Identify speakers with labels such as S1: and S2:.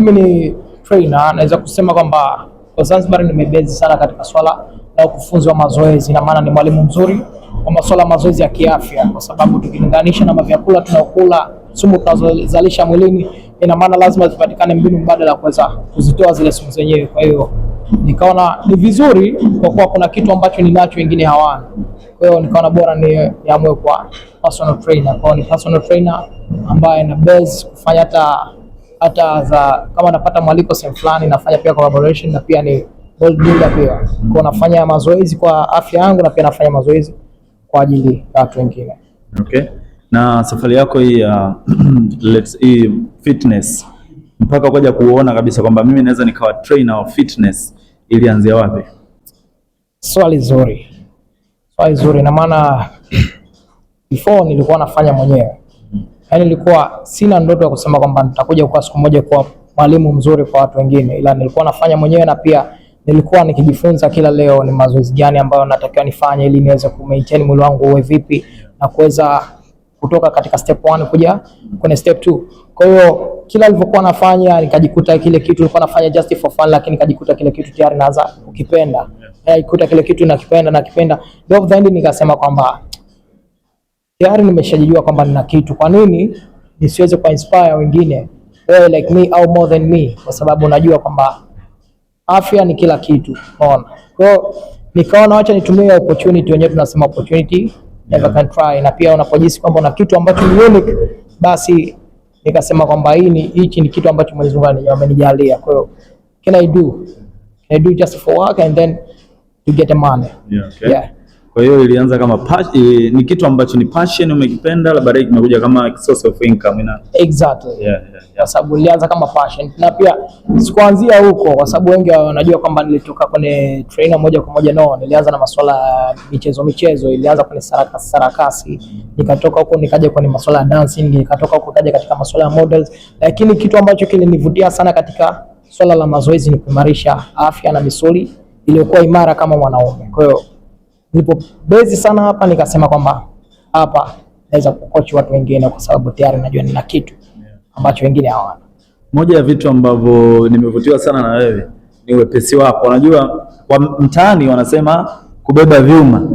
S1: Mimi ni trainer, naweza kusema kwamba kwa Zanzibar nimebezi sana katika swala la ukufunzi wa mazoezi, na maana ni mwalimu mzuri kwa masuala mazoezi ya kiafya, kwa sababu tukilinganisha na mavyakula tunaokula, sumu tunazozalisha mwilini, ina maana lazima zipatikane mbinu mbadala kuweza kuzitoa zile sumu zenyewe. Kwa hiyo nikaona ni vizuri, kwa kuwa kuna kitu ambacho ninacho wengine hawana. Kwa hiyo nikaona bora niamue kwa personal trainer. Kwa hiyo ni personal trainer ambaye na base kufanya hata hata za kama napata mwaliko sehemu fulani, nafanya pia collaboration na pia ni bodybuilder builder pia kwa nafanya mazoezi kwa afya yangu na pia nafanya mazoezi kwa ajili ya watu wengine.
S2: Okay, na safari yako hii ya hii fitness mpaka kuja kuona kabisa kwamba mimi naweza nikawa trainer wa fitness ilianzia wapi?
S1: Swali zuri, swali zuri na maana before nilikuwa nafanya mwenyewe Yaani nilikuwa sina ndoto ya kusema kwamba nitakuja kwa siku moja kuwa mwalimu mzuri kwa watu wengine, ila nilikuwa nafanya mwenyewe na pia nilikuwa nikijifunza kila leo ni mazoezi gani ambayo natakiwa nifanye ili niweze ku maintain mwili wangu uwe vipi na kuweza kutoka katika step 1 kuja kwenye step 2. Kwa hiyo kila nilivyokuwa nafanya nikajikuta kile kitu nilikuwa nafanya just for fun, lakini nikajikuta kile kitu tayari naanza kukipenda. Yaani, nikajikuta kile kitu nakipenda nakipenda. Ndio the end nikasema kwamba tayari nimeshajijua kwamba nina kitu. Kwa nini nisiweze kwa inspire wengine wewe like me au more than me? Kwa sababu najua kwamba afya ni kila kitu, unaona. Kwa hiyo nikaona acha nitumie opportunity, wenyewe tunasema opportunity never can try. Na pia unapojisi kwamba una kitu ambacho ni unique, basi nikasema kwamba hii ni hichi ni kitu ambacho Mwenyezi Mungu amenijalia. Kwa hiyo can I do can I do just for work and then to get the money
S2: yeah, okay. yeah. Kwa hiyo ilianza kama passion, ni kitu ambacho ni passion umekipenda, la baadaye kimekuja kama source of income ina.
S1: Exactly. Yeah, yeah, yeah. Kwa sababu ilianza kama passion na pia sikuanzia huko, kwa sababu wengi wanajua kwamba nilitoka kwenye trainer moja kwa moja. No, nilianza na masuala ya michezo michezo, ilianza kwenye sarakasi sarakasi, nikatoka huko nikaja kwenye masuala ya dancing, nikatoka huko nikaja katika masuala ya models, lakini kitu ambacho kilinivutia sana katika swala la mazoezi ni kuimarisha afya na misuli iliyokuwa imara kama mwanaume. Kwa hiyo bezi sana hapa nikasema kwamba hapa naweza kukochi watu wengine kwa sababu tayari najua nina kitu ambacho wengine hawana.
S2: Moja ya vitu ambavyo nimevutiwa sana na wewe ni wepesi wako. Unajua, wa mtaani wanasema kubeba vyuma